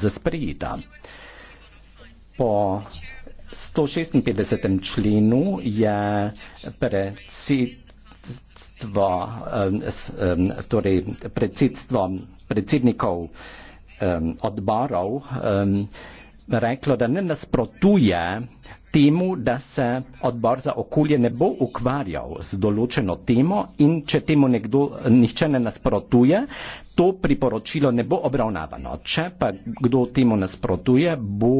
z sprejeta. Po 156. členu je predsedstvo, torej predsedstvo predsednikov odborov reklo, da ne nasprotuje temu, da se odbor za okolje ne bo ukvarjal z določeno temo in če temu nekdo, nihče ne nasprotuje, to priporočilo ne bo obravnavano. Če pa kdo temu nasprotuje, bo